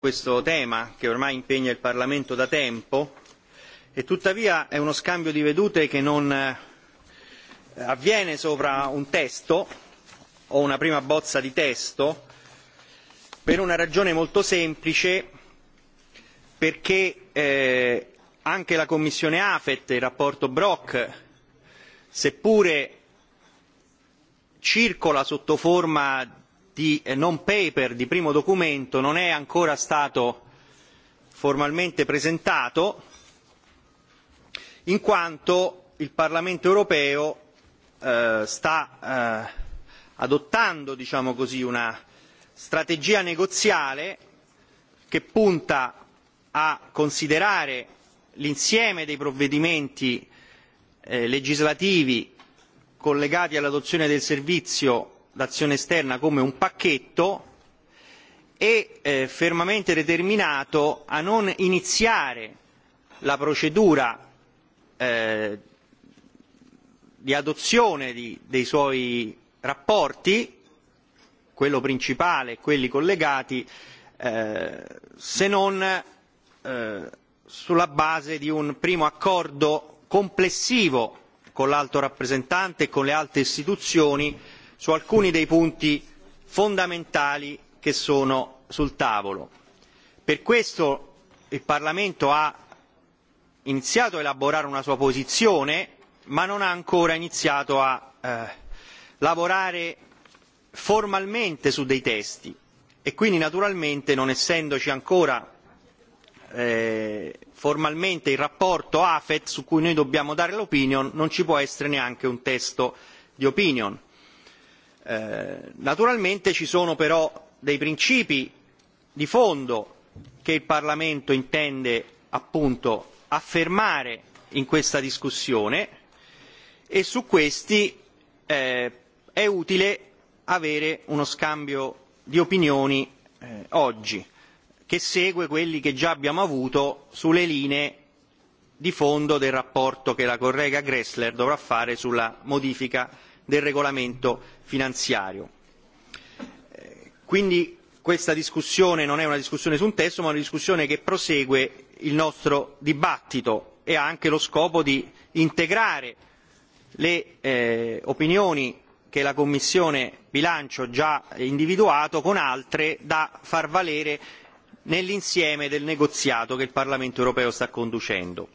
questo tema che ormai impegna il Parlamento da tempo e tuttavia è uno scambio di vedute che non eh, avviene sopra un testo o una prima bozza di testo per una ragione molto semplice perché eh, anche la Commissione AFET, e il rapporto Brock, seppure circola sotto forma di eh, non paper di primo documento non è ancora stato formalmente presentato in quanto il Parlamento europeo eh, sta eh, adottando diciamo così, una strategia negoziale che punta a considerare l'insieme dei provvedimenti eh, legislativi collegati all'adozione del servizio l'azione esterna come un pacchetto è eh, fermamente determinato a non iniziare la procedura eh, di adozione dei suoi rapporti quello principale e quelli collegati eh, se non sulla base di un primo accordo complessivo con l'alto rappresentante e con le altre istituzioni su alcuni dei punti fondamentali che sono sul tavolo. per questo il parlamento ha iniziato a elaborare una sua posizione ma non ha ancora iniziato a eh, lavorare formalmente su dei testi e quindi naturalmente non essendoci ancora eh, formalmente il rapporto afet su cui noi dobbiamo dare l'opinion non ci può essere neanche un testo di opinion. Eh, naturalmente ci sono però dei principi di fondo che il Parlamento intende appunto affermare in questa discussione e su questi eh, è utile avere uno scambio di opinioni eh, oggi che segue quelli che già abbiamo avuto sulle linee di fondo del rapporto che la collega Gressler dovrà fare sulla modifica del regolamento finanziario. Eh, quindi questa discussione non è una discussione su un testo ma una discussione che prosegue il nostro dibattito e ha anche lo scopo di integrare le eh, opinioni che la Commissione bilancio ha già individuato con altre da far valere nell'insieme del negoziato che il Parlamento europeo sta conducendo.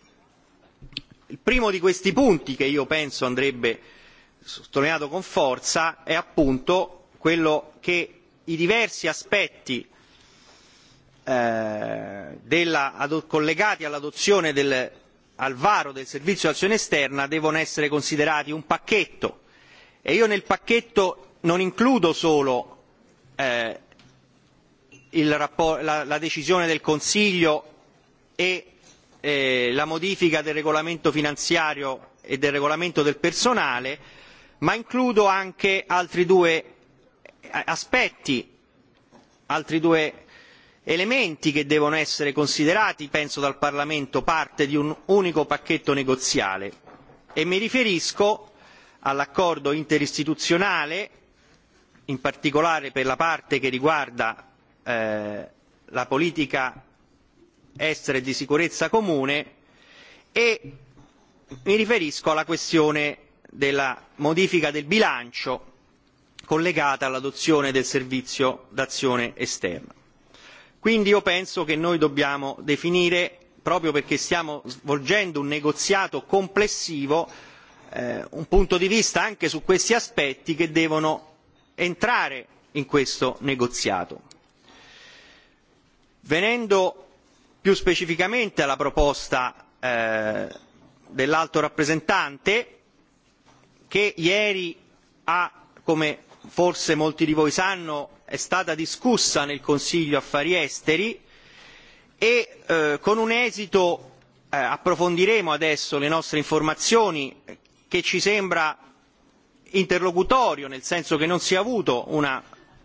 Il primo di questi punti che io penso andrebbe sottolineato con forza è appunto quello che i diversi aspetti eh, della, collegati all'adozione del, al varo del servizio d'azione esterna devono essere considerati un pacchetto e io nel pacchetto non includo solo eh, il rapport, la, la decisione del Consiglio e eh, la modifica del regolamento finanziario e del regolamento del personale ma includo anche altri due aspetti altri due elementi che devono essere considerati penso dal parlamento parte di un unico pacchetto negoziale e mi riferisco all'accordo interistituzionale in particolare per la parte che riguarda eh, la politica estera e di sicurezza comune e mi riferisco alla questione della modifica del bilancio collegata all'adozione del servizio d'azione esterna. Quindi io penso che noi dobbiamo definire, proprio perché stiamo svolgendo un negoziato complessivo, eh, un punto di vista anche su questi aspetti che devono entrare in questo negoziato. Venendo più specificamente alla proposta eh, dell'alto rappresentante, che ieri come forse molti di voi sanno è stata discussa nel consiglio affari esteri e eh, con un esito eh, approfondiremo adesso le nostre informazioni che ci sembra interlocutorio nel senso che non si è avuto una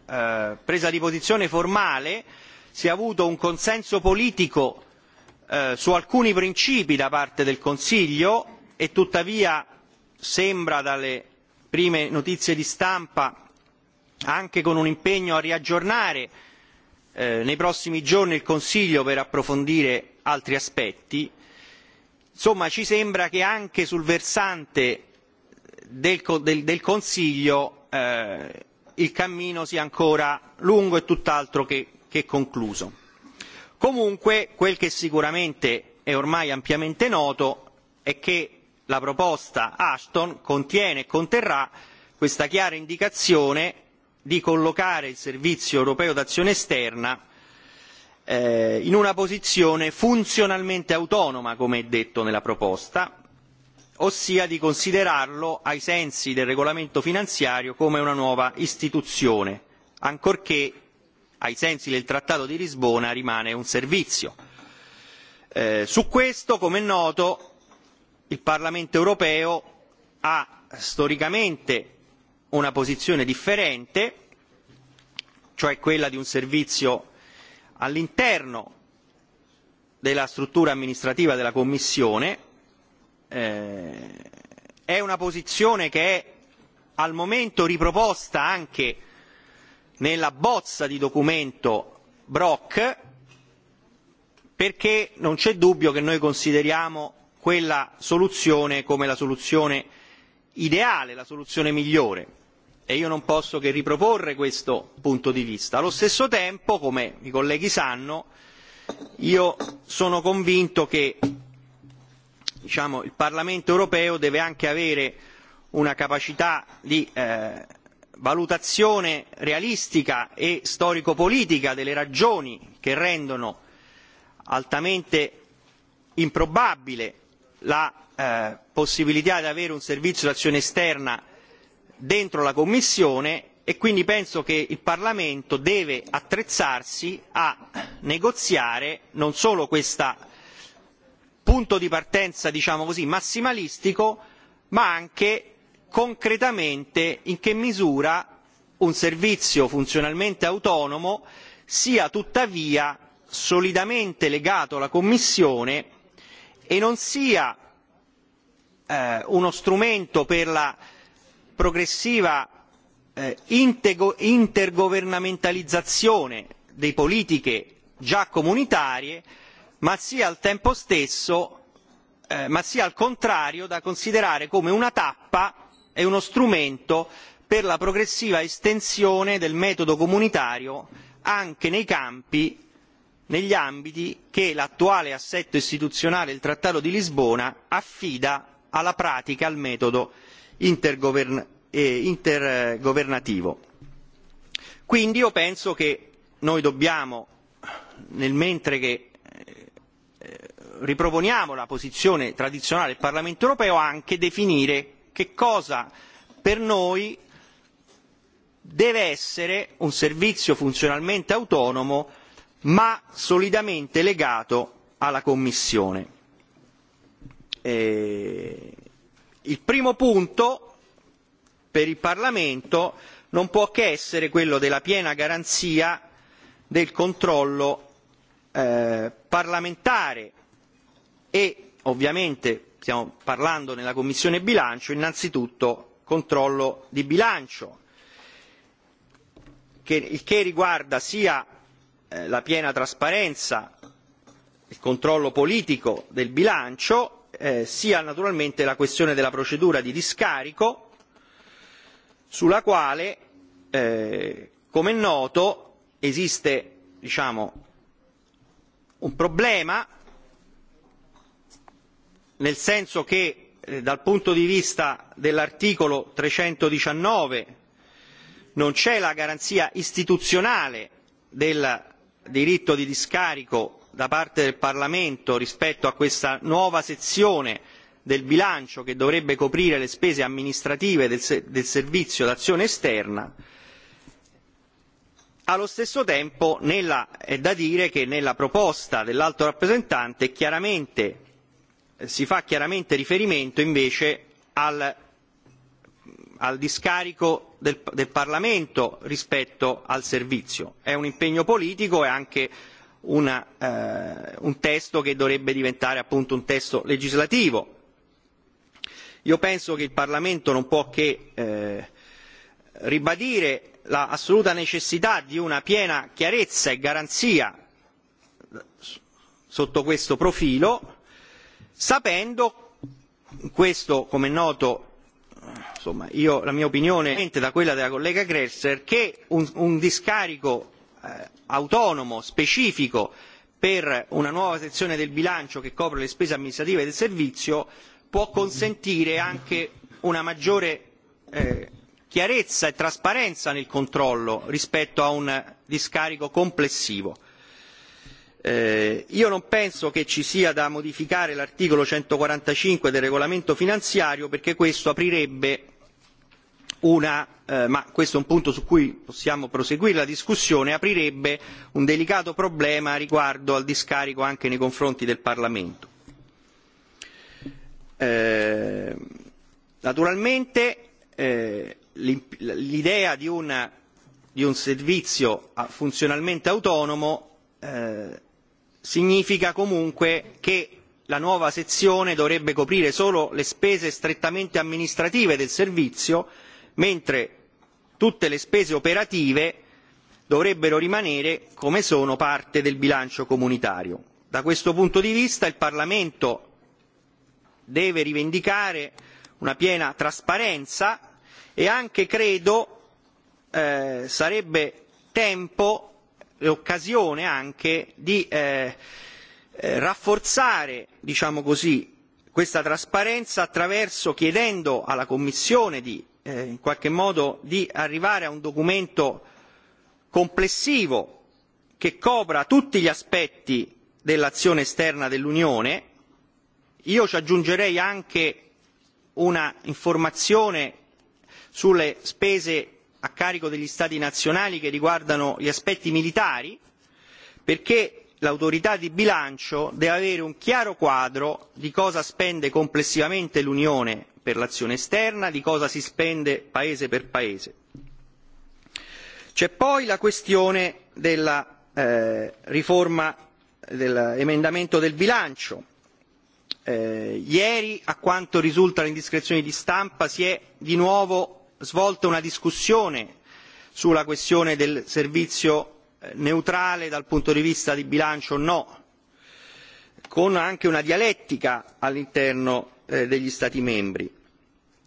eh, presa di posizione formale si è avuto un consenso politico eh, su alcuni principi da parte del consiglio e tuttavia sembra dalle prime notizie di stampa anche con un impegno a riaggiornare eh, nei prossimi giorni il Consiglio per approfondire altri aspetti. Insomma, ci sembra che anche sul versante del, del, del Consiglio eh, il cammino sia ancora lungo e tutt'altro che, che concluso. Comunque, quel che sicuramente è ormai ampiamente noto è che la proposta ashton contiene e conterrà questa chiara indicazione di collocare il servizio europeo d'azione esterna eh, in una posizione funzionalmente autonoma come è detto nella proposta ossia di considerarlo ai sensi del regolamento finanziario come una nuova istituzione ancorché ai sensi del trattato di lisbona rimane un servizio. Eh, su questo come è noto il Parlamento europeo ha storicamente una posizione differente, cioè quella di un servizio all'interno della struttura amministrativa della Commissione. Eh, è una posizione che è al momento riproposta anche nella bozza di documento Brock perché non c'è dubbio che noi consideriamo quella soluzione come la soluzione ideale la soluzione migliore e io non posso che riproporre questo punto di vista. allo stesso tempo come i colleghi sanno io sono convinto che diciamo, il parlamento europeo deve anche avere una capacità di eh, valutazione realistica e storico politica delle ragioni che rendono altamente improbabile la eh, possibilità di avere un servizio di azione esterna dentro la Commissione e quindi penso che il Parlamento deve attrezzarsi a negoziare non solo questo punto di partenza diciamo così massimalistico ma anche concretamente in che misura un servizio funzionalmente autonomo sia tuttavia solidamente legato alla Commissione e non sia eh, uno strumento per la progressiva eh, intergovernamentalizzazione delle politiche già comunitarie ma sia al tempo stesso eh, ma sia al contrario da considerare come una tappa e uno strumento per la progressiva estensione del metodo comunitario anche nei campi negli ambiti che l'attuale assetto istituzionale del trattato di lisbona affida alla pratica al metodo eh, intergovernativo. quindi io penso che noi dobbiamo nel mentre che eh, riproponiamo la posizione tradizionale del parlamento europeo anche definire che cosa per noi deve essere un servizio funzionalmente autonomo ma solidamente legato alla Commissione. Eh, il primo punto per il Parlamento non può che essere quello della piena garanzia del controllo eh, parlamentare e ovviamente stiamo parlando nella Commissione bilancio innanzitutto controllo di bilancio, che, il che riguarda sia Eh, la piena trasparenza il controllo politico del bilancio eh, sia naturalmente la questione della procedura di discarico sulla quale eh, come è noto esiste diciamo un problema nel senso che eh, dal punto di vista dell'articolo 319 non c'è la garanzia istituzionale della diritto di discarico da parte del parlamento rispetto a questa nuova sezione del bilancio che dovrebbe coprire le spese amministrative del, del servizio d'azione esterna allo stesso tempo nella, è da dire che nella proposta dell'alto rappresentante eh, si fa chiaramente riferimento invece al al discarico del, Parlamento rispetto al servizio. È un impegno politico e anche una, eh, un testo che dovrebbe diventare appunto un testo legislativo. Io penso che il Parlamento non può che eh, ribadire l'assoluta necessità di una piena chiarezza e garanzia sotto questo profilo, sapendo questo come è noto insomma, io, la mia opinione è da quella della collega Gresser che un, un discarico eh, autonomo, specifico per una nuova sezione del bilancio che copre le spese amministrative del servizio può consentire anche una maggiore eh, chiarezza e trasparenza nel controllo rispetto a un discarico complessivo Eh, io non penso che ci sia da modificare l'articolo centoquarantacinque del regolamento finanziario perché questo aprirebbe una eh, ma questo è un punto su cui possiamo proseguire la discussione aprirebbe un delicato problema riguardo al discarico anche nei confronti del Parlamento. Eh, naturalmente eh, l'idea di, di un servizio funzionalmente autonomo eh, significa comunque che la nuova sezione dovrebbe coprire solo le spese strettamente amministrative del servizio mentre tutte le spese operative dovrebbero rimanere come sono parte del bilancio comunitario. da questo punto di vista il parlamento deve rivendicare una piena trasparenza e anche credo eh, sarebbe tempo l'occasione anche di eh, eh, rafforzare diciamo così questa trasparenza attraverso chiedendo alla commissione di eh, in qualche modo di arrivare a un documento complessivo che copra tutti gli aspetti dell'azione esterna dell'unione io ci aggiungerei anche una informazione sulle spese a carico degli Stati nazionali che riguardano gli aspetti militari, perché l'autorità di bilancio deve avere un chiaro quadro di cosa spende complessivamente l'Unione per l'azione esterna, di cosa si spende paese per paese. C'è poi la questione della eh, riforma dell'emendamento del bilancio. Eh, ieri, a quanto risulta le indiscrezioni di stampa, si è di nuovo svolta una discussione sulla questione del servizio eh, neutrale dal punto di vista di bilancio o no con anche una dialettica all'interno eh, degli stati membri.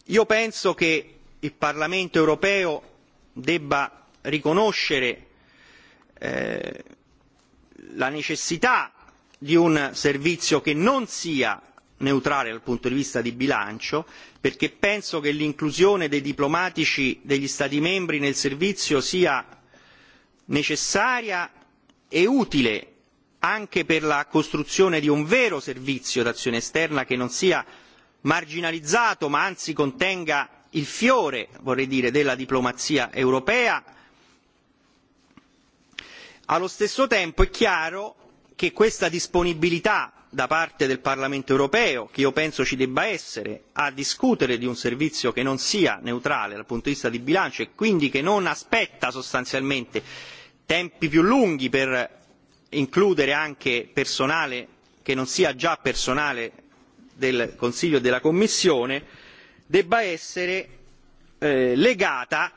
io penso che il parlamento europeo debba riconoscere eh, la necessità di un servizio che non sia neutrale dal punto di vista di bilancio perché penso che l'inclusione dei diplomatici degli stati membri nel servizio sia necessaria e utile anche per la costruzione di un vero servizio d'azione esterna che non sia marginalizzato ma anzi contenga il fiore vorrei dire della diplomazia europea allo stesso tempo è chiaro che questa disponibilità da parte del Parlamento europeo, che io penso ci debba essere, a discutere di un servizio che non sia neutrale dal punto di vista di bilancio e quindi che non aspetta sostanzialmente tempi più lunghi per includere anche personale che non sia già personale del Consiglio e della Commissione, debba essere eh, legata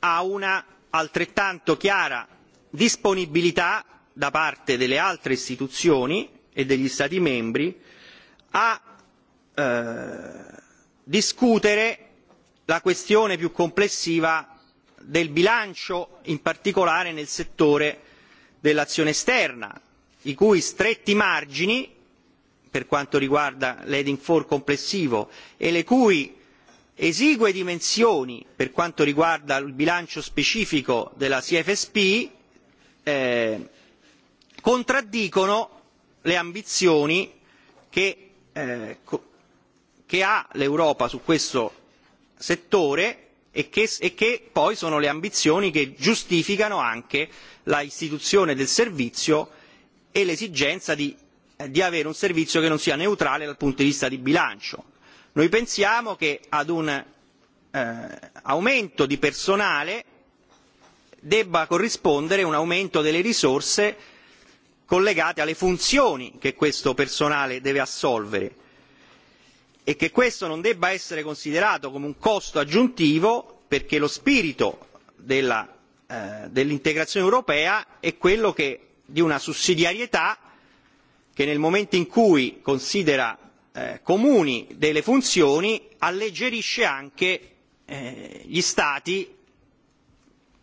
a una altrettanto chiara disponibilità da parte delle altre istituzioni e degli Stati membri a eh, discutere la questione più complessiva del bilancio, in particolare nel settore dell'azione esterna, i cui stretti margini per quanto riguarda l'heading four complessivo e le cui esigue dimensioni per quanto riguarda il bilancio specifico della CFSP eh, contraddicono le ambizioni che, eh, che ha l'Europa su questo settore e che, e che poi sono le ambizioni che giustificano anche l'istituzione del servizio e l'esigenza di, eh, di avere un servizio che non sia neutrale dal punto di vista di bilancio. Noi pensiamo che ad un eh, aumento di personale debba corrispondere un aumento delle risorse collegate alle funzioni che questo personale deve assolvere e che questo non debba essere considerato come un costo aggiuntivo perché lo spirito della, eh, dell'integrazione europea è quello che, di una sussidiarietà che nel momento in cui considera eh, comuni delle funzioni alleggerisce anche eh, gli Stati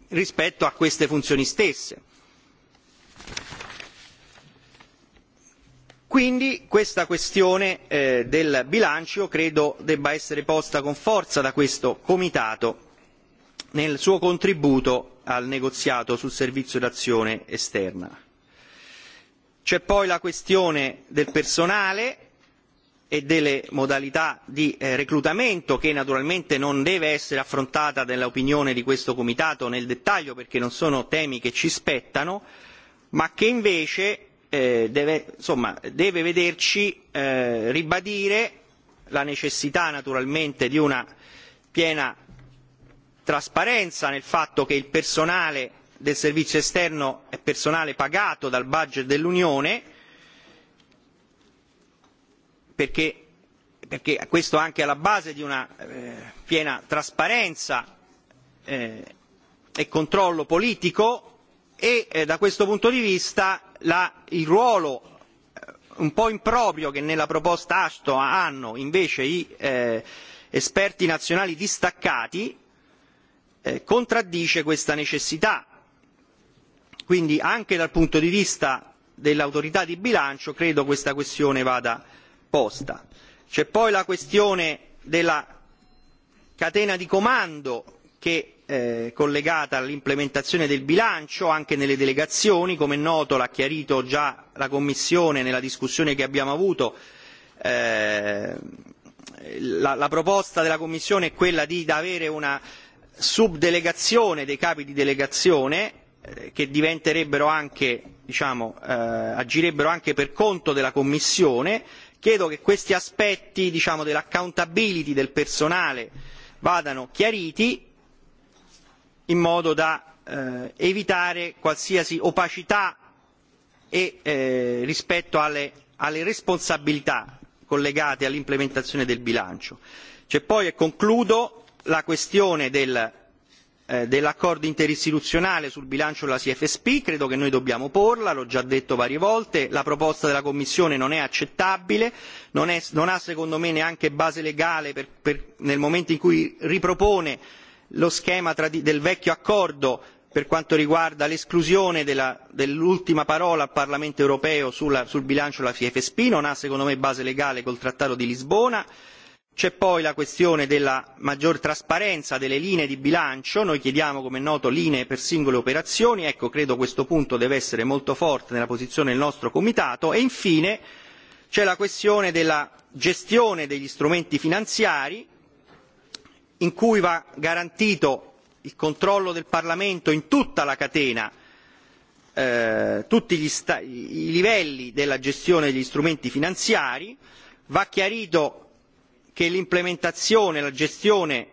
rispetto a queste funzioni stesse quindi questa questione eh, del bilancio credo debba essere posta con forza da questo comitato nel suo contributo al negoziato sul servizio d'azione esterna. C'è poi la questione del personale e delle modalità di eh, reclutamento che naturalmente non deve essere affrontata nell'opinione di questo comitato nel dettaglio perché non sono temi che ci spettano ma che invece Eh, deve, vederci eh, ribadire la necessità naturalmente di una piena trasparenza nel fatto che il personale del servizio esterno è personale pagato dal budget dell'Unione perché, perché questo anche alla base di una eh, piena trasparenza eh, e controllo politico e eh, da questo punto di vista il ruolo eh, un po' improprio che nella proposta Ashton hanno invece gli eh, esperti nazionali distaccati eh, contraddice questa necessità. Quindi anche dal punto di vista dell'autorità di bilancio credo questa questione vada posta. C'è poi la questione della catena di comando che Eh, collegata all'implementazione del bilancio anche nelle delegazioni come è noto l'ha chiarito già la commissione nella discussione che abbiamo avuto eh, la, la proposta della commissione è quella di avere una subdelegazione dei capi di delegazione eh, che diventerebbero anche diciamo eh, agirebbero anche per conto della commissione chiedo che questi aspetti diciamo dell'accountability del personale vadano chiariti in modo da eh, evitare qualsiasi opacità e, eh, rispetto alle, alle responsabilità collegate all'implementazione del bilancio. c'è poi e concludo la questione del eh, dell'accordo interistituzionale sul bilancio della cfsp credo che noi dobbiamo porla l'ho già detto varie volte la proposta della commissione non è accettabile non, è, non ha secondo me neanche base legale per, per, nel momento in cui ripropone lo schema del vecchio accordo per quanto riguarda l'esclusione dell'ultima parola al parlamento europeo sul bilancio della fsp non ha secondo me base legale col trattato di lisbona c'è poi la questione della maggior trasparenza delle linee di bilancio noi chiediamo come è noto linee per singole operazioni ecco credo questo punto deve essere molto forte nella posizione del nostro comitato e infine c'è la questione della gestione degli strumenti finanziari in cui va garantito il controllo del Parlamento in tutta la catena, eh, tutti i livelli della gestione degli strumenti finanziari, va chiarito che l'implementazione, e la gestione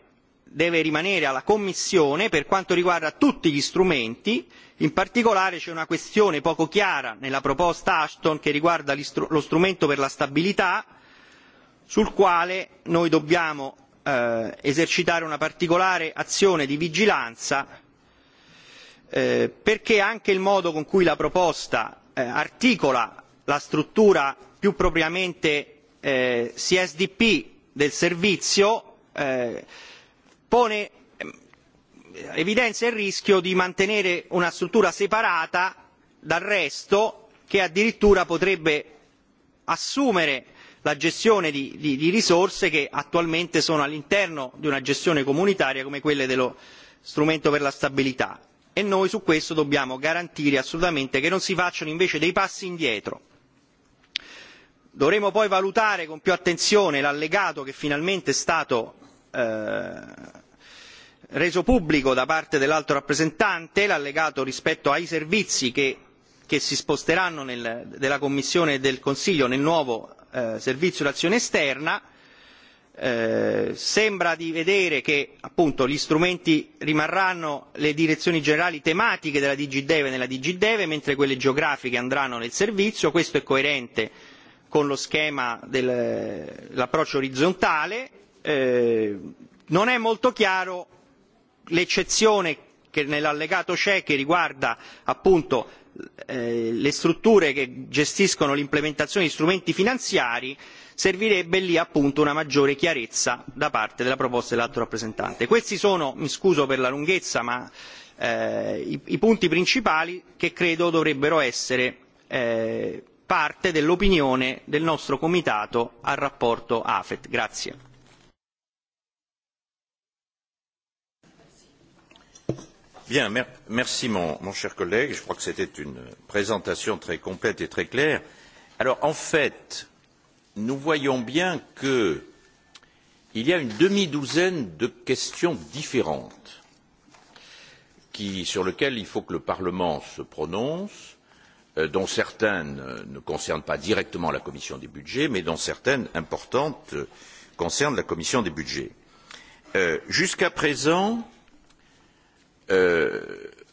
deve rimanere alla Commissione per quanto riguarda tutti gli strumenti, in particolare c'è una questione poco chiara nella proposta Ashton che riguarda lo strumento per la stabilità, sul quale noi dobbiamo Eh, esercitare una particolare azione di vigilanza eh, perché anche il modo con cui la proposta eh, articola la struttura più propriamente csdp del servizio pone ehm, evidenzia il rischio di mantenere una struttura separata dal resto che addirittura potrebbe assumere la gestione di, risorse che attualmente sono all'interno di una gestione comunitaria come quelle dello strumento per la stabilità e noi su questo dobbiamo garantire assolutamente che non si facciano invece dei passi indietro. dovremo poi valutare con più attenzione l'allegato che finalmente è stato eh, reso pubblico da parte dell'alto rappresentante l'allegato rispetto ai servizi che, che si sposteranno nel, della commissione e del consiglio nel nuovo Eh, servizio d'azione esterna eh, sembra di vedere che appunto gli strumenti rimarranno le direzioni generali tematiche della DG Deve nella DG Deve, mentre quelle geografiche andranno nel servizio. Questo è coerente con lo schema dell'approccio orizzontale. Eh, non è molto chiaro l'eccezione che nell'allegato c'è che riguarda appunto Eh, le strutture che gestiscono l'implementazione di strumenti finanziari servirebbe lì appunto una maggiore chiarezza da parte della proposta dell'alto rappresentante. questi sono mi scuso per la lunghezza ma eh, i, i punti principali che credo dovrebbero essere eh, parte dell'opinione del nostro comitato al rapporto AFET. Grazie. Bien, mer merci mon, cher collègue. Je crois que c'était une présentation très complète et très claire. Alors en fait, nous voyons bien qu'il y a une demi-douzaine de questions différentes qui, sur lesquelles il faut que le Parlement se prononce, euh, dont certaines euh, ne concernent pas directement la Commission des budgets, mais dont certaines importantes euh, concernent la Commission des budgets. Euh, Jusqu'à présent, euh,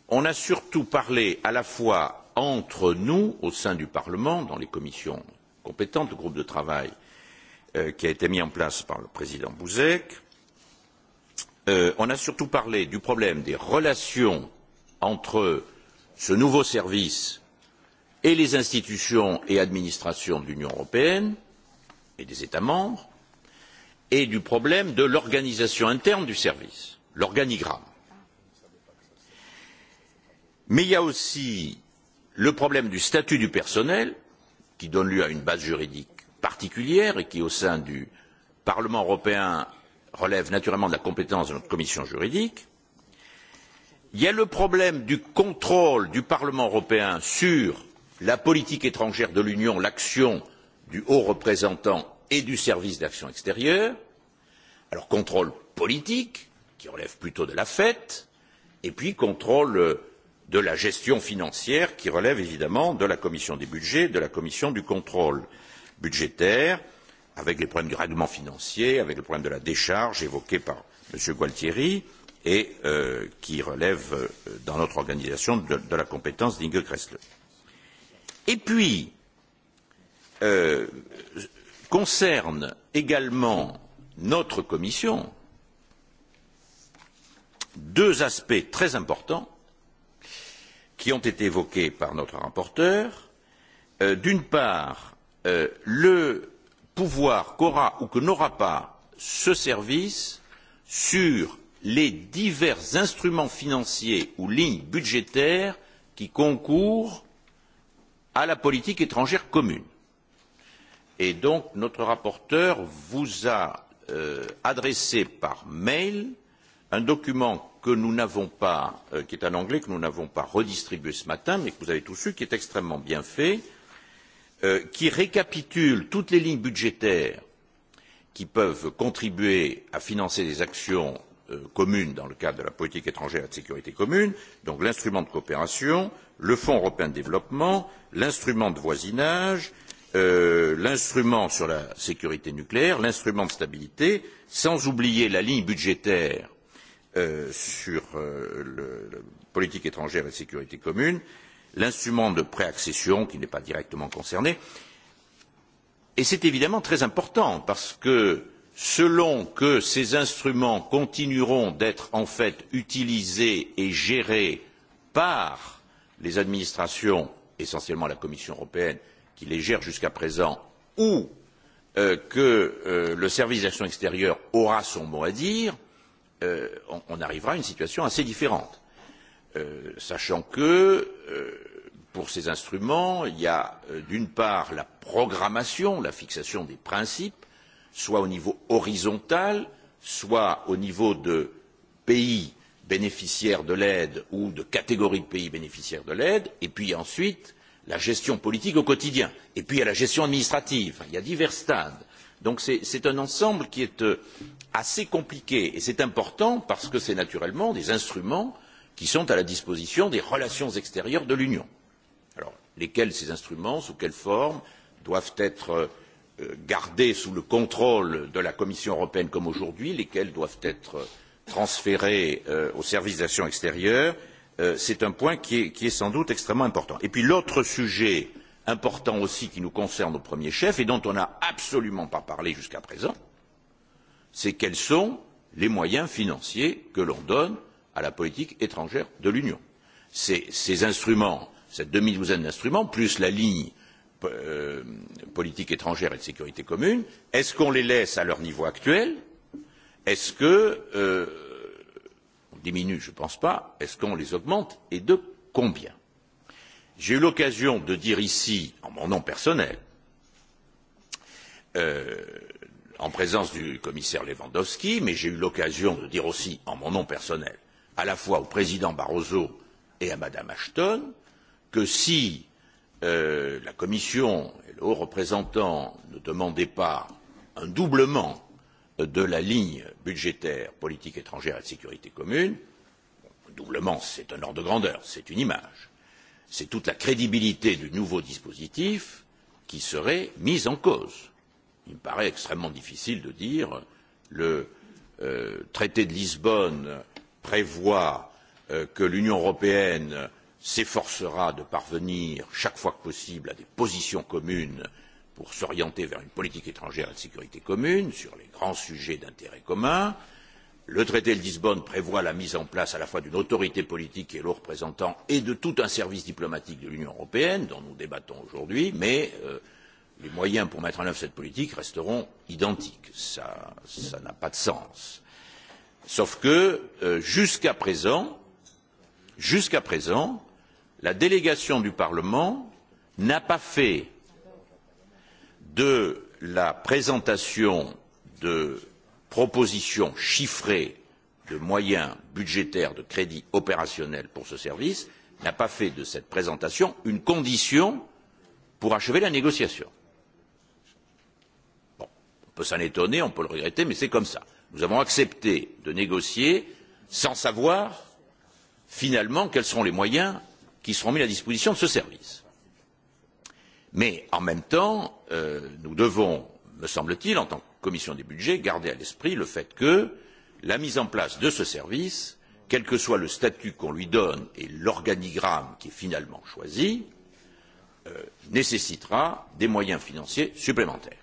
on a surtout parlé à la fois entre nous, au sein du Parlement, dans les commissions compétentes, le groupe de travail euh, qui a été mis en place par le président Bouzek, euh, on a surtout parlé du problème des relations entre ce nouveau service et les institutions et administrations de l'Union européenne et des États membres, et du problème de l'organisation interne du service, l'organigramme mais il y a aussi le problème du statut du personnel qui donne lieu à une base juridique particulière et qui au sein du parlement européen relève naturellement de la compétence de notre commission juridique il y a le problème du contrôle du parlement européen sur la politique étrangère de l'union l'action du haut représentant et du service d'action extérieure alors contrôle politique qui relève plutôt de la FED, et puis contrôle euh, de la gestion financière qui relève évidemment de la commission des budgets, de la commission du contrôle budgétaire, avec les problèmes du règlement financier, avec le problème de la décharge évoqué par M. Gualtieri et euh, qui relève euh, dans notre organisation de, de la compétence d'Inge Kressle. Et puis, euh, concerne également notre commission deux aspects très importants qui ont été évoquées par notre rapporteur euh, d'une part euh, le pouvoir qu'aura ou que n'aura pas ce service sur les divers instruments financiers ou lignes budgétaires qui concourent à la politique étrangère commune. Et donc notre rapporteur vous a euh, adressé par mail un document que nous n'avons pas, euh, qui est un anglais que nous n'avons pas redistribué ce matin, mais que vous avez tous eu, qui est extrêmement bien fait, euh, qui récapitule toutes les lignes budgétaires qui peuvent contribuer à financer des actions euh, communes dans le cadre de la politique étrangère et de sécurité commune, donc l'instrument de coopération, le Fonds européen de développement, l'instrument de voisinage, euh, l'instrument sur la sécurité nucléaire, l'instrument de stabilité, sans oublier la ligne budgétaire Euh, sur euh, la politique étrangère et la sécurité commune, l'instrument de préaccession qui n'est pas directement concerné. Et c'est évidemment très important parce que selon que ces instruments continueront d'être en fait utilisés et gérés par les administrations, essentiellement la Commission européenne, qui les gère jusqu'à présent, ou euh, que euh, le service d'action extérieure aura son mot à dire, euh, on, on arrivera à une situation assez différente, euh, sachant que euh, pour ces instruments, il y a euh, d'une part la programmation, la fixation des principes, soit au niveau horizontal, soit au niveau de pays bénéficiaires de l'aide ou de catégories de pays bénéficiaires de l'aide, et puis ensuite la gestion politique au quotidien, et puis il y a la gestion administrative, il y a divers stades Donc c'est un ensemble qui est euh, assez compliqué et c'est important parce que c'est naturellement des instruments qui sont à la disposition des relations extérieures de l'Union. Alors, lesquels ces instruments, sous quelle forme, doivent être euh, gardés sous le contrôle de la Commission européenne comme aujourd'hui, lesquels doivent être euh, transférés euh, au service d'action extérieure, euh, c'est un point qui est, qui est sans doute extrêmement important. Et puis l'autre sujet euh, important aussi qui nous concerne au premier chef et dont on n'a absolument pas parlé jusqu'à présent, c'est quels sont les moyens financiers que l'on donne à la politique étrangère de l'Union. Ces, ces instruments, cette demi-douzaine d'instruments, plus la ligne euh, politique étrangère et de sécurité commune, est-ce qu'on les laisse à leur niveau actuel Est-ce que... Euh, on diminue, je ne pense pas. Est-ce qu'on les augmente et de combien j'ai eu l'occasion de dire ici en mon nom personnel euh, en présence du commissaire Lewandowski, mais j'ai eu l'occasion de dire aussi en mon nom personnel à la fois au président Barroso et à Madame Ashton que si euh, la Commission et le haut représentant ne demandaient pas un doublement de la ligne budgétaire politique étrangère et de sécurité commune, doublement c'est un ordre de grandeur, c'est une image, c'est toute la crédibilité du nouveau dispositif qui serait mise en cause. Il me paraît extrêmement difficile de dire le euh, traité de Lisbonne prévoit euh, que l'Union européenne s'efforcera de parvenir chaque fois que possible à des positions communes pour s'orienter vers une politique étrangère et de sécurité commune sur les grands sujets d'intérêt commun. Euh, le traité de Lisbonne prévoit la mise en place à la fois d'une autorité politique qui est le représentant et de tout un service diplomatique de l'Union européenne dont nous débattons aujourd'hui, mais euh, les moyens pour mettre en œuvre cette politique resteront identiques. Ça n'a pas de sens. Sauf que euh, jusqu'à présent, jusqu'à présent, la délégation du Parlement n'a pas fait de la présentation de proposition chiffrée de moyens budgétaires de crédits opérationnels pour ce service n'a pas fait de cette présentation une condition pour achever la négociation. Bon, on peut s'en étonner, on peut le regretter, mais c'est comme ça. Nous avons accepté de négocier sans savoir finalement quels seront les moyens qui seront mis à disposition de ce service. Mais en même temps, euh, nous devons me semble-t-il, en tant que commission des budgets, garder à l'esprit le fait que la mise en place de ce service, quel que soit le statut qu'on lui donne et l'organigramme qui est finalement choisi, euh, nécessitera des moyens financiers supplémentaires.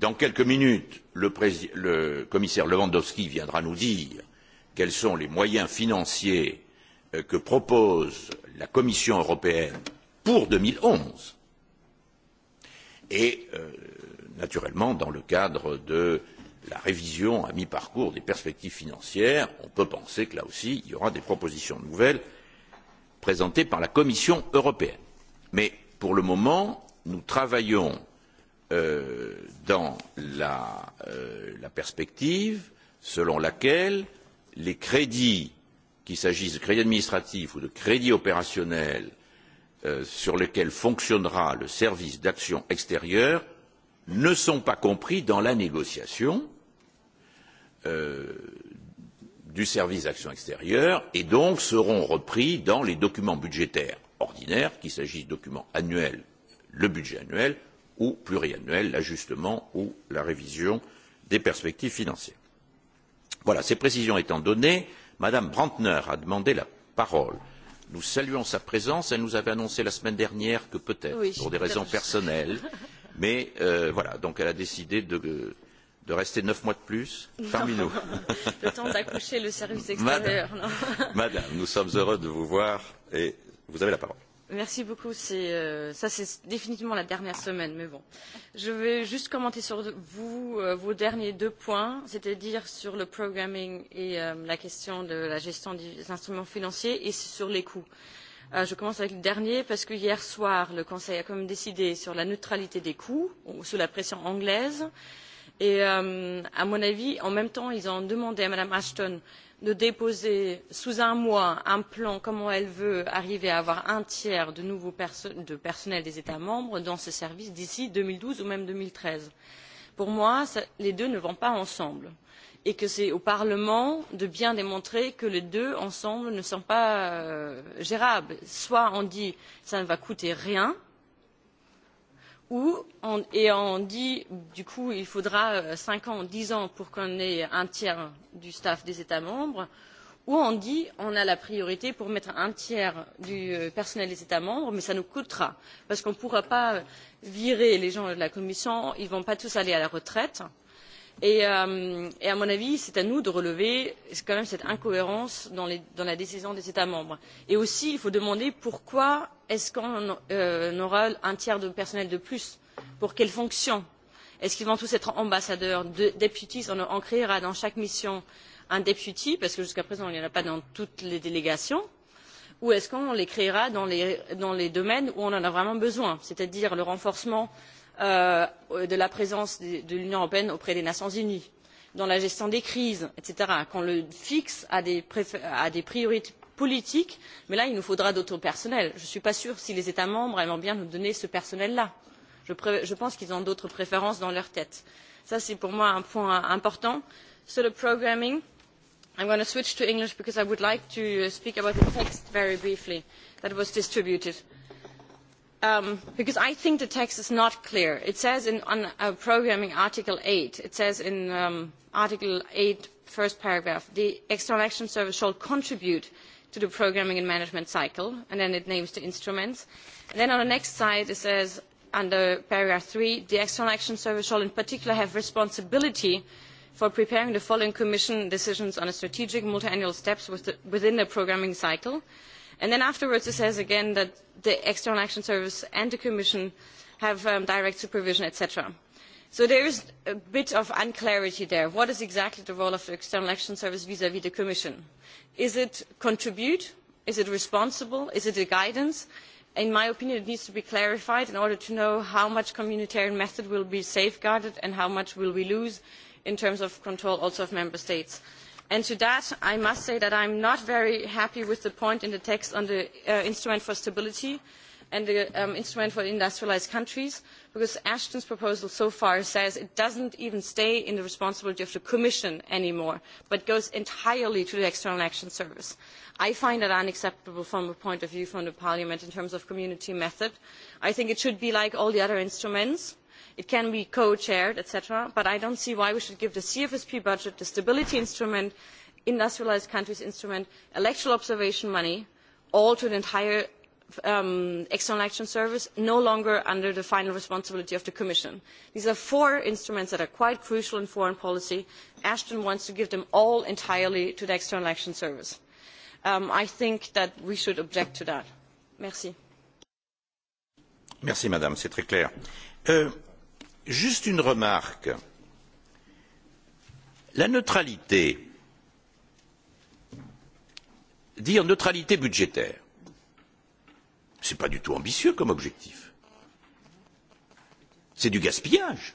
Dans quelques minutes, le, le commissaire Lewandowski viendra nous dire quels sont les moyens financiers euh, que propose la Commission européenne pour 2011. Et euh, naturellement, dans le cadre de la révision à mi-parcours des perspectives financières, on peut penser que là aussi, il y aura des propositions nouvelles présentées par la Commission européenne. Mais pour le moment, nous travaillons euh, dans la, euh, la perspective selon laquelle les crédits, qu'il s'agisse de crédits administratifs ou de crédits opérationnels, euh, sur lesquels fonctionnera le service d'action extérieure, ne sont pas compris dans la négociation euh, du service d'action extérieure et donc seront repris dans les documents budgétaires ordinaires, qu'il s'agisse de documents annuels, le budget annuel ou pluriannuel, l'ajustement ou la révision des perspectives financières. Voilà, ces précisions étant données, Madame Brantner a demandé la parole. Nous saluons sa présence. Elle nous avait annoncé la semaine dernière que peut-être, oui, pour des raisons personnelles, Mais euh, voilà, donc elle a décidé de, de rester neuf mois de plus parmi nous. Le temps d'accoucher le service extérieur. Madame, non Madame, nous sommes heureux de vous voir et vous avez la parole. Merci beaucoup. C'est, euh, ça, c'est définitivement la dernière semaine, mais bon. Je vais juste commenter sur vous euh, vos derniers deux points, c'est-à-dire sur le programming et euh, la question de la gestion des instruments financiers et sur les coûts. Euh, Euh, je commence avec le dernier parce que hier soir le conseil a quand même décidé sur la neutralité des coûts sous la pression anglaise et euh, à mon avis en même temps ils ont demandé à mme ashton de déposer sous un mois un plan comment elle veut arriver à avoir un tiers de nouveaux perso de personnel des états membres dans ce service d'ici deux mille douze ou même. deux mille treize pour moi ça, les deux ne vont pas ensemble. il et que c'est au Parlement de bien démontrer que les deux ensemble ne sont pas euh, gérables. Soit on dit ça ne va coûter rien, ou on, et on dit du coup il faudra euh, cinq ans, dix ans pour qu'on ait un tiers du staff des États membres, ou on dit on a la priorité pour mettre un tiers du euh, personnel des États membres, mais ça nous coûtera parce qu'on ne pourra pas virer les gens de la Commission, ils ne vont pas tous aller à la retraite Euh, et, à mon avis c'est à nous de relever quand même cette incohérence dans, la décision des états membres. et aussi il faut demander pourquoi est ce qu'on euh, aura un tiers de personnel de plus pour quelles fonctions? est ce qu'ils vont tous être ambassadeurs de, deputies on en créera dans chaque mission un deputy parce que jusqu'à présent il n'y en a pas dans toutes les délégations ou est ce qu'on les créera dans les, domaines où on en a vraiment besoin c'est à dire le renforcement euh, Euh, de la présence de l'union européenne auprès des nations unies dans la gestion des crises etc. qu'on le fixe à des, priorités politiques mais là il nous faudra d'autres personnels. je ne suis pas sûre que les états membres aimeraient bien nous donner ce personnel là. je, je pense qu'ils ont d'autres préférences dans leur tête. ça c'est pour moi un point important. sur le programming i'm going to switch to english because i would like to speak about the text very briefly that was distributed um, because I think the text is not clear. It says in on, programming Article 8, it says in um, Article 8, first paragraph, the External Action Service shall contribute to the programming and management cycle, and then it names the instruments. And then on the next side it says under paragraph 3, the External Action Service shall in particular have responsibility for preparing the following Commission decisions on a strategic multiannual steps within the programming cycle. And then afterwards it says again that the External Action Service and the Commission have um, direct supervision, etc. So there is a bit of unclarity there. What is exactly the role of the External Action Service vis-à-vis -vis the Commission? Is it contribute? Is it responsible? Is it a guidance? In my opinion, it needs to be clarified in order to know how much communitarian method will be safeguarded and how much will we lose in terms of control also of member states. And to that, I must say that I am not very happy with the point in the text on the uh, instrument for stability and the um, instrument for industrialised countries, because Ashton's proposal so far says it doesn't even stay in the responsibility of the Commission anymore, but goes entirely to the External Action Service. I find that unacceptable from a point of view from Parliament in terms of community method. I think it should be like all the other instruments, it can be co chaired etc but i do not see why we should give the cfsp budget the stability instrument the industrialised countries instrument and electoral observation money all to the entire um, external action service no longer under the final responsibility of the commission. these are four instruments that are quite crucial in foreign policy. ashton wants to give them all entirely to the external action service. Um, i think that we should object to that. Merci. Merci, juste une remarque la neutralité dire neutralité budgétaire ce n'est pas du tout ambitieux comme objectif c'est du gaspillage.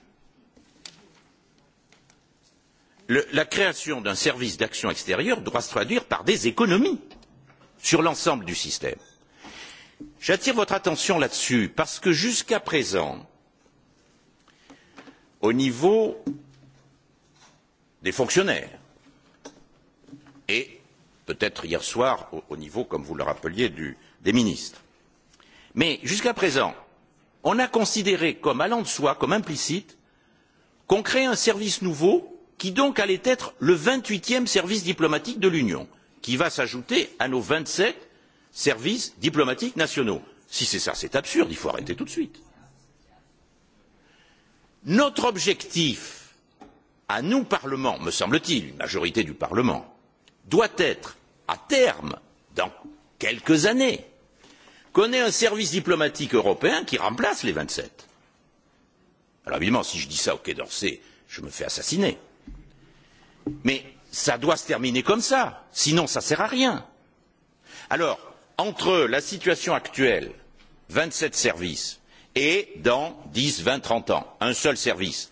Le, la création d'un service d'action extérieure doit se traduire par des économies sur l'ensemble du système. J'attire votre attention là dessus parce que jusqu'à présent, au niveau des fonctionnaires et peut être hier soir au, au niveau, comme vous le rappeliez, du, des ministres. Mais jusqu'à présent, on a considéré comme allant de soi, comme implicite, qu'on crée un service nouveau qui donc allait être le vingt huitième service diplomatique de l'Union, qui va s'ajouter à nos vingt sept services diplomatiques nationaux. Si c'est ça, c'est absurde, il faut arrêter tout de suite. Notre objectif, à nous, Parlement, me semble-t-il, majorité du Parlement, doit être, à terme, dans quelques années, qu'on ait un service diplomatique européen qui remplace les vingt sept Alors évidemment, si je dis ça au Quai d'Orsay, je me fais assassiner. Mais ça doit se terminer comme ça, sinon ça ne sert à rien. Alors, entre la situation actuelle, vingt sept services, et dans dix, vingt, trente ans, un seul service.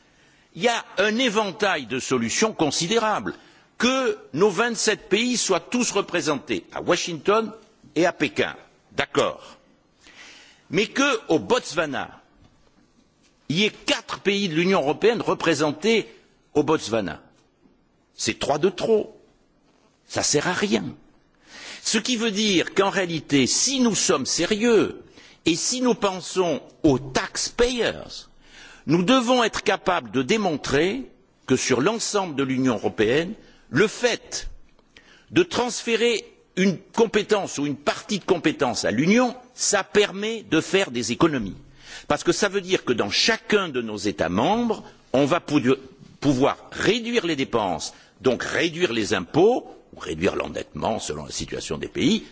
Il y a un éventail de solutions considérables Que nos vingt sept pays soient tous représentés à Washington et à Pékin, d'accord. Mais que, au Botswana, il y ait quatre pays de l'Union européenne représentés au Botswana, c'est trois de trop. Ça ne sert à rien. Ce qui veut dire qu'en réalité, si nous sommes sérieux, et si nous pensons aux taxpayers nous devons être capables de démontrer que sur l'ensemble de l'union européenne le fait de transférer une compétence ou une partie de compétence à l'union ça permet de faire des économies parce que ça veut dire que dans chacun de nos états membres on va pouvoir réduire les dépenses donc réduire les impôts ou réduire l'endettement selon la situation des pays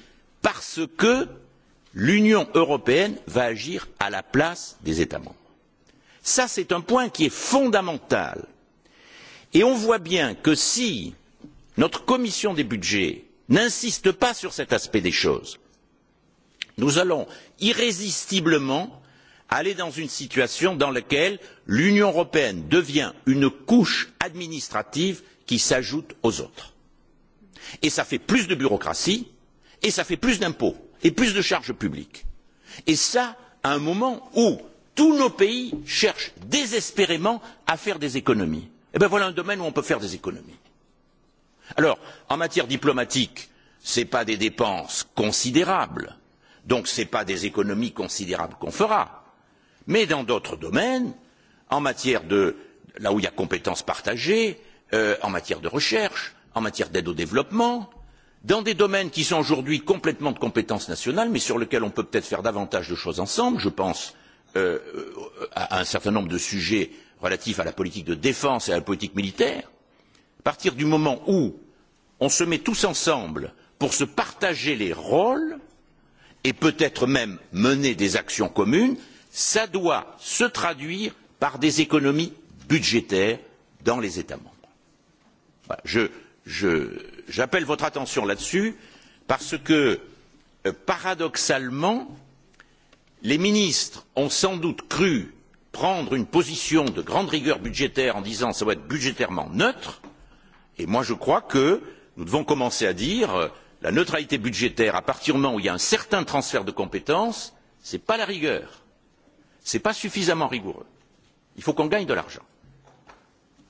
parce que l'union européenne va agir à la place des états membres. ça c'est un point qui est fondamental et on voit bien que si notre commission des budgets n'insiste pas sur cet aspect des choses nous allons irrésistiblement aller dans une situation dans laquelle l'union européenne devient une couche administrative qui s'ajoute aux autres et ça fait plus de bureaucratie et ça fait plus d'impôts et plus de charges publiques. Et ça, à un moment où tous nos pays cherchent désespérément à faire des économies. Eh bien voilà un domaine où on peut faire des économies. Alors, en matière diplomatique, ce n'est pas des dépenses considérables, donc ce n'est pas des économies considérables qu'on fera. Mais dans d'autres domaines, en matière de là où il y a compétences partagées, euh, en matière de recherche, en matière d'aide au développement, dans des domaines qui sont aujourd'hui complètement de compétence nationale, mais sur lesquels on peut peut-être faire davantage de choses ensemble. Je pense euh, euh à un certain nombre de sujets relatifs à la politique de défense et à la politique militaire. À partir du moment où on se met tous ensemble pour se partager les rôles et peut-être même mener des actions communes, ça doit se traduire par des économies budgétaires dans les États membres. Voilà. Je, j'appelle votre attention là dessus parce que euh, paradoxalement les ministres ont sans doute cru prendre une position de grande rigueur budgétaire en disant ça va être budgétairement neutre et moi je crois que nous devons commencer à dire euh, la neutralité budgétaire à partir du moment où il y a un certain transfert de compétences ce n'est pas la rigueur ce n'est pas suffisamment rigoureux il faut qu'on gagne de l'argent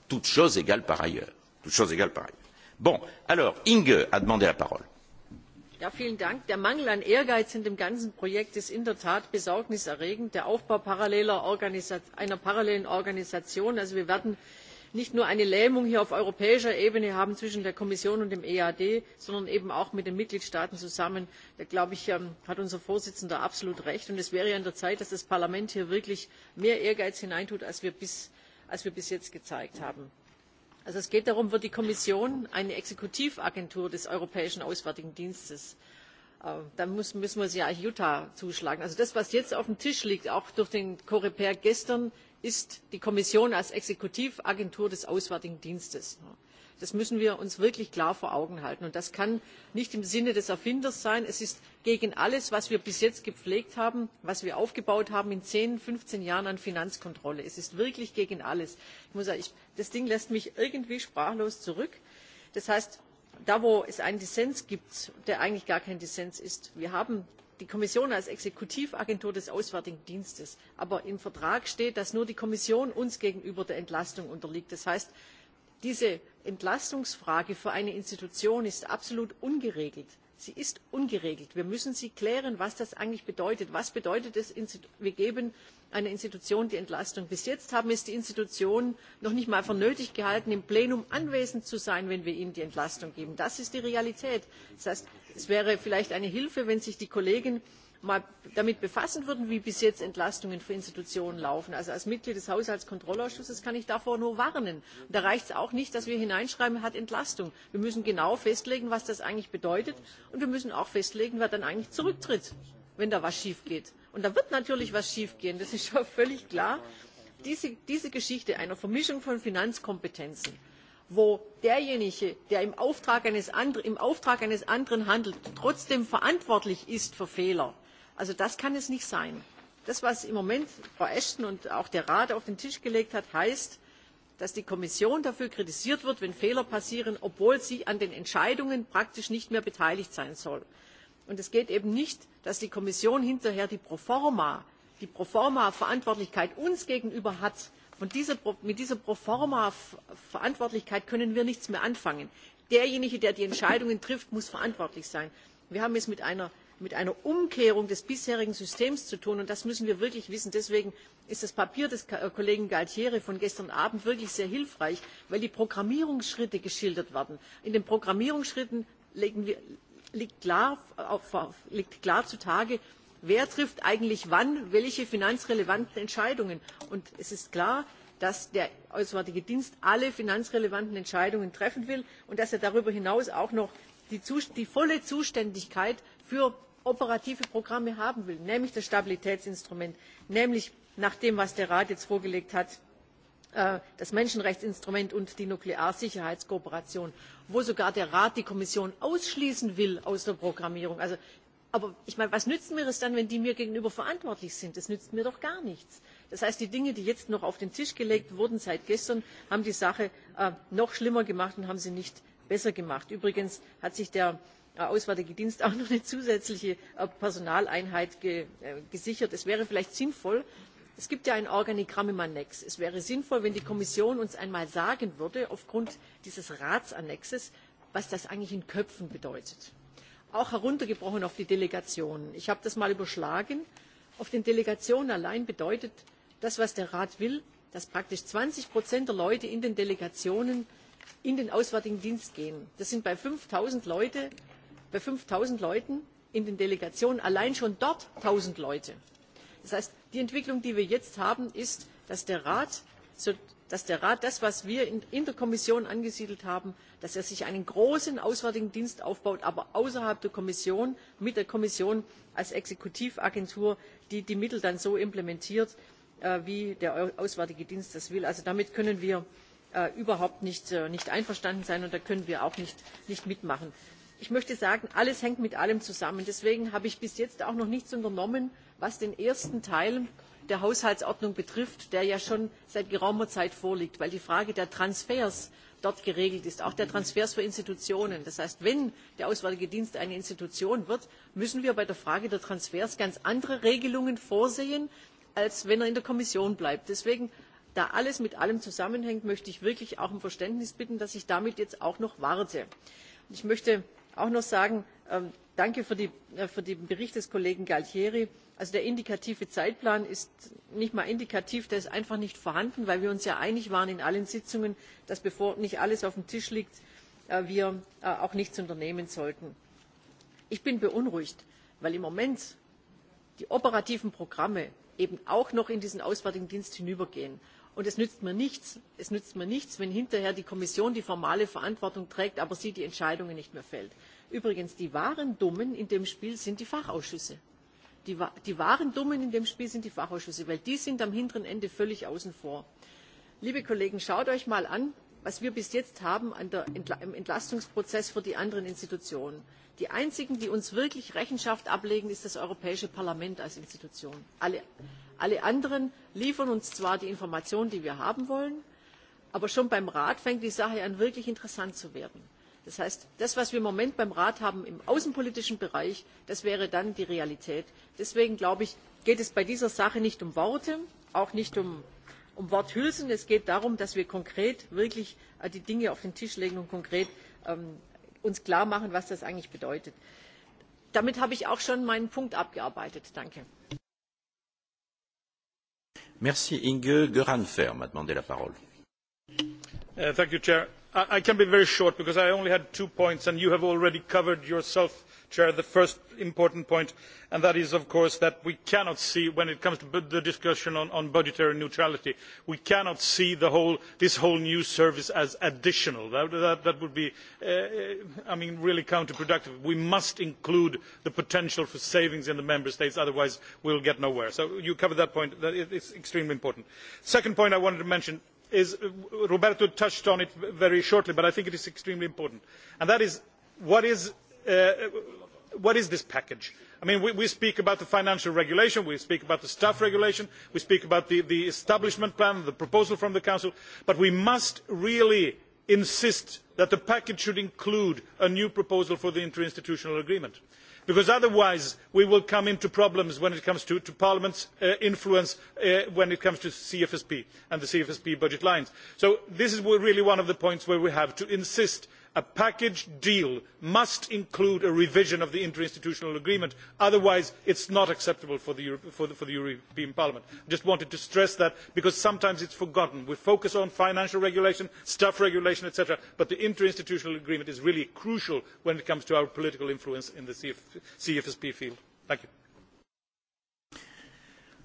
toutes choses égales par ailleurs toutes choses égales par ailleurs. Bon, alors, Inge a demandé la parole. Ja, vielen Dank. der mangel an ehrgeiz in dem ganzen projekt ist in der tat besorgniserregend der aufbau einer parallelen organisation. Also wir werden nicht nur eine lähmung hier auf europäischer ebene haben zwischen der kommission und dem ead sondern eben auch mit den mitgliedstaaten zusammen. da glaube ich ähm, hat unser vorsitzender absolut recht und es wäre an der zeit dass das parlament hier wirklich mehr ehrgeiz hineintut als wir bis jetzt gezeigt haben es geht darum, wird die Kommission eine Exekutivagentur des Europäischen Auswärtigen Dienstes? Ähm, Dann müssen, wir sie ja Utah zuschlagen. Also das, was jetzt auf dem Tisch liegt, auch durch den Coreper gestern, ist die Kommission als Exekutivagentur des Auswärtigen Dienstes das müssen wir uns wirklich klar vor augen halten. Und das kann nicht im sinne des erfinders sein es ist gegen alles was wir bis jetzt gepflegt haben was wir aufgebaut haben in zehn fünfzehn jahren an finanzkontrolle. es ist wirklich gegen alles. Ich muss sagen, das ding lässt mich irgendwie sprachlos zurück. das heißt da wo es einen dissens gibt der eigentlich gar kein dissens ist wir haben die kommission als exekutivagentur des auswärtigen dienstes aber im vertrag steht dass nur die kommission uns gegenüber der entlastung unterliegt. das heißt diese entlastungsfrage für eine institution ist absolut ungeregelt. sie ist ungeregelt. wir müssen klären was das eigentlich bedeutet. was bedeutet es wir geben einer institution die entlastung? bis jetzt haben es die institutionen noch nicht einmal für nötig gehalten im plenum anwesend zu sein wenn wir ihnen die entlastung geben. das ist die realität. das heißt es wäre vielleicht eine hilfe wenn sich die kollegen damit befassen würden, wie bis jetzt Entlastungen für Institutionen laufen. Also als Mitglied des Haushaltskontrollausschusses kann ich davor nur warnen. da reicht es auch nicht, dass wir hineinschreiben, hat Entlastung. Wir müssen genau festlegen, was das eigentlich bedeutet. Und wir müssen auch festlegen, wer dann eigentlich zurücktritt, wenn da was schief geht. Und da wird natürlich was schief gehen, das ist schon völlig klar. Diese, diese Geschichte einer Vermischung von Finanzkompetenzen, wo derjenige der im auftrag eines anderen handelt trotzdem verantwortlich ist für fehler also das kann es nicht sein. das was im moment frau ashton und auch der rat auf den tisch gelegt haben heißt dass die kommission dafür kritisiert wird wenn fehler passieren obwohl sie an den entscheidungen praktisch nicht mehr beteiligt sein soll. und es geht eben nicht dass die kommission hinterher die pro forma verantwortlichkeit uns gegenüber hat. mit dieser pro forma verantwortlichkeit können wir nichts mehr anfangen. derjenige der die entscheidungen trifft muss verantwortlich sein. wir haben es mit mit einer umkehrung des bisherigen systems zu tun und das müssen wir wirklich wissen. deswegen ist das papier des äh, kollegen gualtieri von gestern abend wirklich sehr hilfreich weil die programmierungsschritte geschildert werden. in den programmierungsschritten liegt, klar, äh, auf, liegt zutage wer trifft eigentlich wann welche finanzrelevanten entscheidungen und es ist klar dass der auswärtige dienst alle finanzrelevanten entscheidungen treffen will und dass er darüber hinaus auch noch die, die volle zuständigkeit für operative programme haben will nämlich das stabilitätsinstrument nämlich nach dem was der rat jetzt vorgelegt hat äh, das menschenrechtsinstrument und die nuklearsicherheitskooperation wo sogar der rat die kommission ausschließen will aus der programmierung. aber was nützt mir das dann wenn die mir gegenüber verantwortlich sind? das nützt mir doch gar nichts. das heißt die dinge die jetzt noch auf den tisch gelegt wurden seit gestern haben die sache äh, noch schlimmer gemacht und haben sie nicht besser gemacht. übrigens hat sich auswärtige dienst auch noch eine zusätzliche äh, personaleinheit äh, gesichert. es wäre vielleicht sinnvoll es gibt ja ein organigramm im annex es wäre sinnvoll wenn die kommission uns einmal sagen würde aufgrund dieses ratsannexes was das eigentlich in köpfen bedeutet auch heruntergebrochen auf die delegationen. ich habe das mal überschlagen auf den delegationen allein bedeutet das was der rat will dass praktisch zwanzig der leute in den delegationen in den auswärtigen dienst gehen. das sind bei fünf null leuten bei fünf null leuten in den delegationen allein schon dort eins null leute. das heißt die entwicklung die wir jetzt haben ist dass der rat, das was wir in, der kommission angesiedelt haben dass er sich einen großen auswärtigen dienst aufbaut aber außerhalb der kommission mit der kommission als exekutivagentur die die mittel dann so implementiert äh, wie der auswärtige dienst das will. also damit können wir äh, überhaupt äh, nicht, einverstanden sein und da können wir auch nicht mitmachen ich möchte sagen alles hängt mit allem zusammen. deswegen habe ich bis jetzt auch noch nichts unternommen was den ersten teil der haushaltsordnung betrifft der ja schon seit geraumer zeit vorliegt weil die frage der transfers dort geregelt ist auch der transfers für institutionen. das heißt wenn der auswärtige dienst eine institution wird müssen wir bei der frage der transfers ganz andere regelungen vorsehen als wenn er in der kommission bleibt. deswegen da alles mit allem zusammenhängt möchte ich wirklich auch um verständnis bitten dass ich damit jetzt auch noch warte. ich möchte auch noch sagen ähm, danke für, die, äh, für den bericht des kollegen gualtieri. Also der indikative zeitplan ist nicht einmal indikativ der ist einfach nicht vorhanden weil wir uns ja einig waren in allen sitzungen dass bevor nicht alles auf dem tisch liegt äh, wir äh, auch nichts unternehmen sollten. ich bin beunruhigt weil im moment die operativen programme eben auch noch in diesen auswärtigen dienst hinübergehen und es nützt mir nichts, es nützt mir nichts wenn hinterher die kommission die formale verantwortung trägt aber sie die entscheidungen nicht mehr fällt. übrigens die wahren dummen in dem spiel sind die fachausschüsse. Die, die wahren dummen in dem spiel sind die fachausschüsse weil die sind am hinteren ende völlig außen vor. liebe kollegen schaut euch mal an was wir bis jetzt haben der, im entlastungsprozess für die anderen institutionen. die einzigen die uns wirklich rechenschaft ablegen ist das europäische parlament als institution. Alle, Alle anderen liefern uns zwar die Informationen, die wir haben wollen, aber schon beim Rat fängt die Sache an, wirklich interessant zu werden. Das heißt, das, was wir im Moment beim Rat haben im außenpolitischen Bereich, das wäre dann die Realität. Deswegen glaube ich, geht es bei dieser Sache nicht um Worte, auch nicht um, um Worthülsen. Es geht darum, dass wir konkret wirklich äh, die Dinge auf den Tisch legen und konkret ähm, uns klar machen, was das eigentlich bedeutet. Damit habe ich auch schon meinen Punkt abgearbeitet. Danke. Merci. Inge Göranfer m'a demandé la parole. Uh, thank you, Chair. I, I can be very short because I only had two points and you have already covered yourself the first important point and that is of course that we cannot see when it comes to the discussion on, budgetary neutrality we cannot see this whole new service as additional. that, would be uh, I mean, really counterproductive. we must include the potential for savings in the member states otherwise we will get nowhere. so you covered that point it is extremely important. the second point i wanted to mention is uh, roberto touched on it very shortly but i think it is extremely important and that is what is uh, what is this package? I mean, we, we speak about the financial regulation, we speak about the staff regulation, we speak about the, the establishment plan, the proposal from the Council, but we must really insist that the package should include a new proposal for the interinstitutional agreement because otherwise we will come into problems when it comes to, to parliament's uh, influence uh, when it comes to cfsp and the cfsp budget lines. so this is really one of the points where we have to insist a package deal must include a revision of the interinstitutional agreement otherwise it is not acceptable for the, european parliament. i just wanted to stress that because sometimes it is forgotten. we focus on financial regulation staff regulation etc. but the interinstitutional agreement is really crucial when it comes to our political influence in the cfsp field. thank you.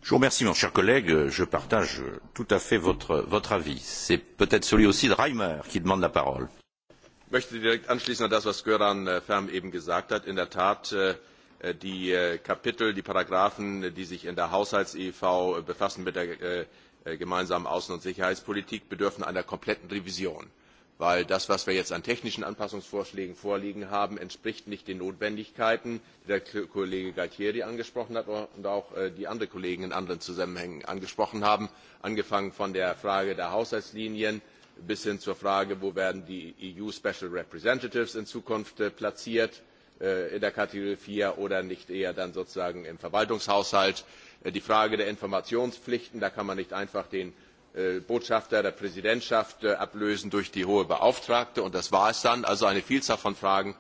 Je vous remercie, mon cher collègue. Je partage tout à fait votre, votre avis. C'est peut-être celui aussi de Reimer qui demande la parole möchte direkt anschließen an das, was Göran äh, Färm eben gesagt hat. In der Tat, äh, äh, die Kapitel, die Paragraphen, die sich in der haushalts iiv befassen mit der gemeinsamen Außen- und Sicherheitspolitik, bedürfen einer kompletten Revision. Weil das, was wir jetzt an technischen Anpassungsvorschlägen vorliegen haben, entspricht nicht den Notwendigkeiten, die der Kollege gualtieri angesprochen hat und auch die andere Kollegen in anderen Zusammenhängen angesprochen haben, angefangen von der Frage der Haushaltslinien bis hin zur Frage, wo werden die EU Special Representatives in Zukunft äh, platziert äh, in der Kategorie 4 oder nicht eher dann sozusagen im Verwaltungshaushalt. Äh, die Frage der Informationspflichten, da kann man nicht einfach den Botschafter der Präsidentschaft ablösen durch die hohe Beauftragte und das war es dann. Also eine Vielzahl von Fragen,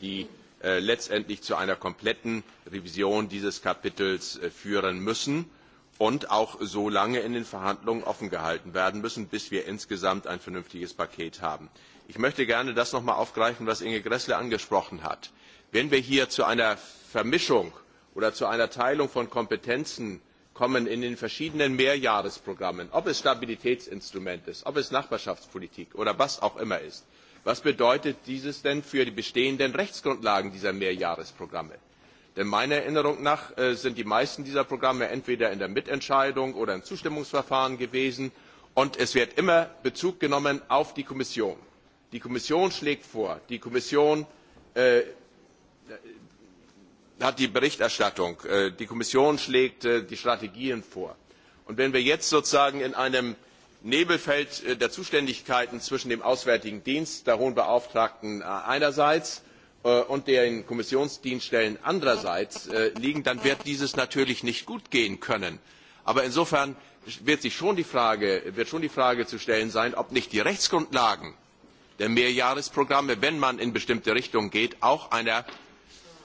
die letztendlich zu einer kompletten Revision dieses Kapitels führen müssen und auch so lange in den Verhandlungen offen gehalten werden müssen, bis wir insgesamt ein vernünftiges Paket haben. Ich möchte gerne das noch einmal aufgreifen, was Inge grässle angesprochen hat. Wenn wir hier zu einer Vermischung oder zu einer Teilung von Kompetenzen kommen in den verschiedenen Mehrjahresprogrammen, ob es Stabilitätsinstrument ist, ob es Nachbarschaftspolitik oder was auch immer ist, was bedeutet dies denn für die bestehenden Rechtsgrundlagen dieser Mehrjahresprogramme? Denn meiner Erinnerung nach äh, sind die meisten dieser Programme entweder in der Mitentscheidung oder im Zustimmungsverfahren gewesen. Und es wird immer Bezug genommen auf die Kommission. Die Kommission schlägt vor, die Kommission äh, hat die Berichterstattung, äh, die Kommission schlägt äh, die Strategien vor. Und wenn wir jetzt sozusagen in einem Nebelfeld äh, der Zuständigkeiten zwischen dem Auswärtigen Dienst, der Hohen Beauftragten äh, einerseits Äh, und den Kommissionsdienststellen andererseits äh, liegen, dann wird dieses natürlich nicht gut gehen können. Aber insofern wird, sich schon die Frage, wird schon die Frage zu stellen sein, ob nicht die Rechtsgrundlagen der Mehrjahresprogramme, wenn man in bestimmte Richtungen geht, auch einer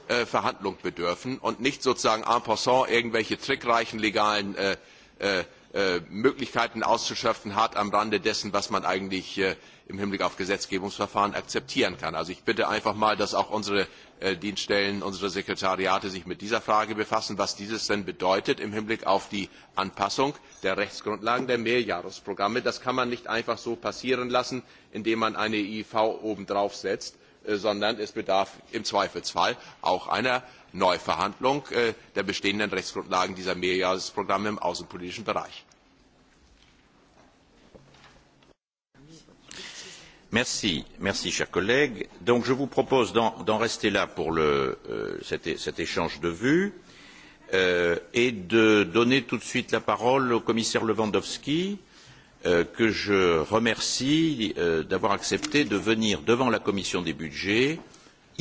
äh, Verhandlung bedürfen und nicht sozusagen en passant irgendwelche trickreichen legalen äh, äh, Äh, Möglichkeiten auszuschöpfen hart am Rande dessen, was man eigentlich äh, im Hinblick auf Gesetzgebungsverfahren akzeptieren kann. Also ich bitte einfach mal, dass auch unsere äh, Dienststellen, unsere Sekretariate sich mit dieser Frage befassen, was dieses denn bedeutet im Hinblick auf die Anpassung der Rechtsgrundlagen der Mehrjahresprogramme. Das kann man nicht einfach so passieren lassen, indem man eine IV obendrauf setzt, sondern es bedarf im Zweifelsfall auch einer Neuverhandlung äh, der bestehenden Rechtsgrundlagen dieser Mehrjahresprogramme im außenpolitischen Bereich. Merci, merci, chers collègues. Donc, je vous propose d'en rester là pour le, euh, cet, cet échange de vues euh, et de donner tout de suite la parole au commissaire Lewandowski, euh, que je remercie euh, d'avoir accepté de venir devant la commission des budgets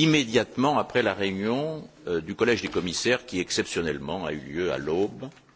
immédiatement après la réunion euh, du collège des commissaires qui exceptionnellement a eu lieu à l'aube euh,